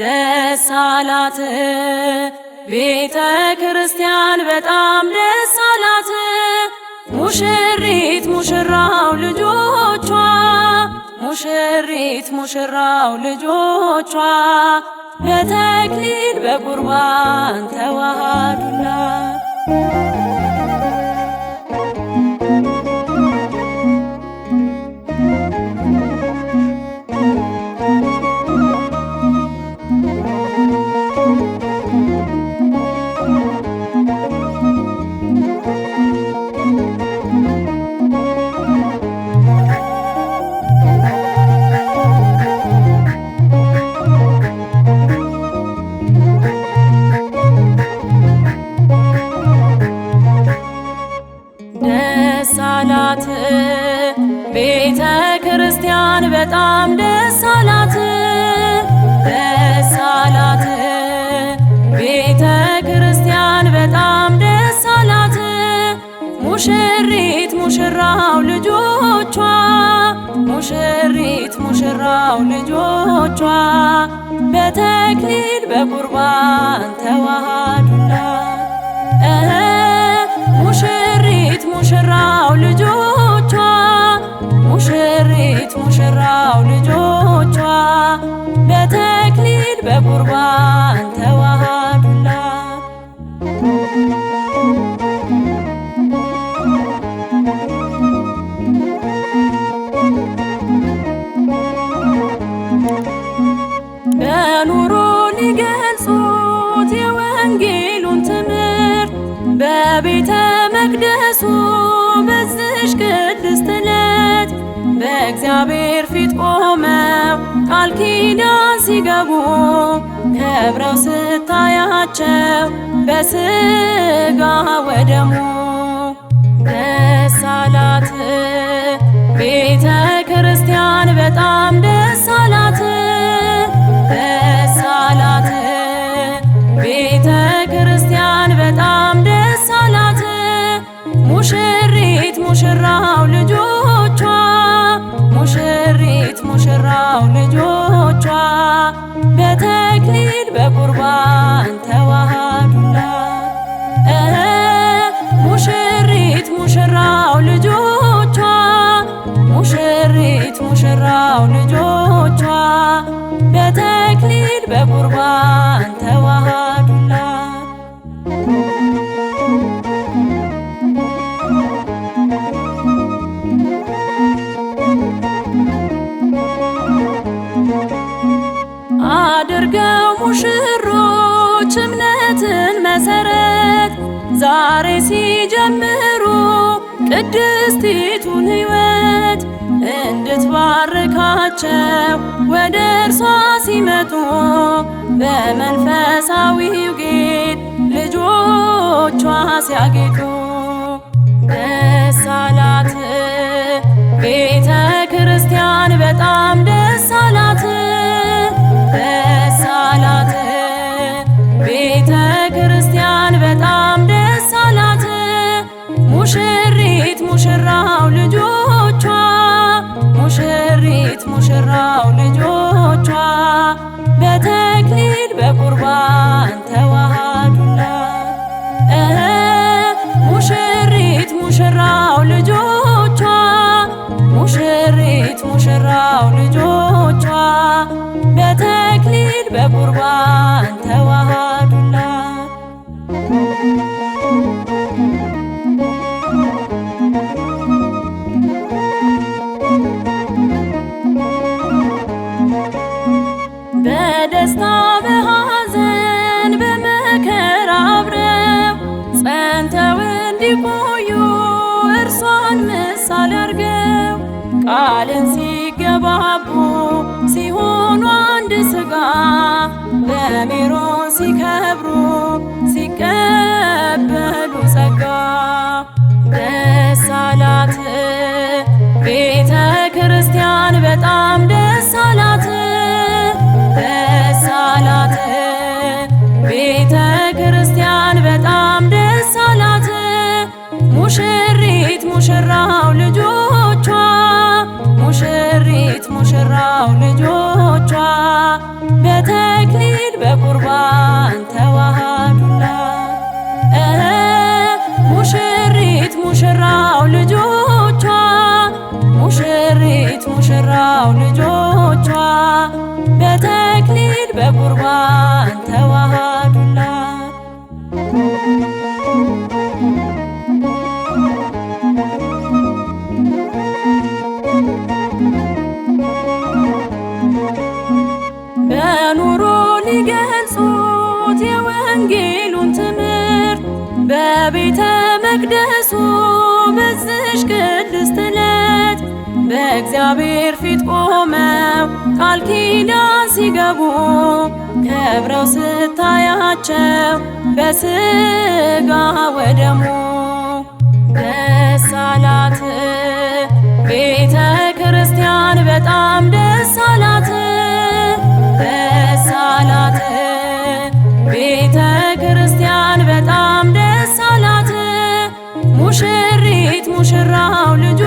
ደስ አላት ቤተ ክርስቲያን በጣም ደስ አላት። ሙሽሪት ሙሽራው ልጆቿ ሙሽሪት ሙሽራው ልጆቿ በተክሊል በቁርባን ተዋሃዱላት። ቤተ ክርስቲያን በጣም ደስ አላት ደስ አላት ቤተ ክርስቲያን በጣም ደስ አላት ሙሽሪት ሙሽራው ልጆቿ ሙሽሪት ሙሽራው ልጆቿ በተክሊል በቁርባን ተዋሃዱላት ቁርባን ተዋሃዱላት በኑሮ ሊገልጹት የወንጌሉን ትምህርት በቤተ መቅደሱ በዝሽ ቅድስት ዕለት በእግዚአብሔር ፊት ቆመው ቃል ኪዳን ሲገቡ ከብረው ስታያቸው በስጋ ወደሙ ደስ አላት ቤተ ክርስቲያን በጣም ደስ አላት ደስ አላት ቤተ ክርስቲያን በጣም ደስ አላት ሙሽሪት ሙሽራው ልጆቿ ሙሽሪት ሙሽራው ልጆቿ በተክሊ በቁርባን ተዋሃዱላ ሙሽሪት ሙሽራው ልጆቿ ሙሽሪት ሙሽራው ልጆቿ በተክሊል በቁርባን ተዋሃ አድርገው ሙሽሮች እምነትን መሰረት ዛሬ ሲጀምሩ ቅድስቲቱን ሕይወት እንድትባርካቸው ወደ እርሷ ሲመጡ በመንፈሳዊው ጌጥ ልጆቿ ሲያጌጡ ደስ አላት ቤተ ክርስቲያን በጣም ደስ ሙሽራው ልጆቿ በተክሊል በቁርባን ተዋሃዱላት። በደስታ በሐዘን በመከራ አብረው ጸንተው እንዲቆዩ እርሷን ምሳሌ አድርገው ቃልን ሲገባቡ ሲሆኑ አንድ ሥጋ በሜሮን ሲከብሩ ሲቀበሉ ጸጋ ደስ አላት ቤተ ክርስቲያን በጣም ደስ አላት ደስ አላት ቤተ ክርስቲያን በጣም ደስ አላት ሙሽሪት ሙሽራው ልጆች ሙሽሪት ሙሽራው ልጆቿ በተክሊል በቁርባን ተዋሃዱላ ሙሽሪት ሙሽራው ልጆቿ ሙሽሪት ሙሽራው ልጆቿ በተክሊል በቁርባን ሲገልጹት የወንጌሉን ትምህርት በቤተ መቅደሱ በዝሽ ቅድስት ዕለት በእግዚአብሔር ፊት ቆመው ቃል ኪዳን ሲገቡ ከብረው ስታያቸው በስጋ ወደሙ ደስ አላት ቤተ ክርስቲያን ሙሽራው ልጆ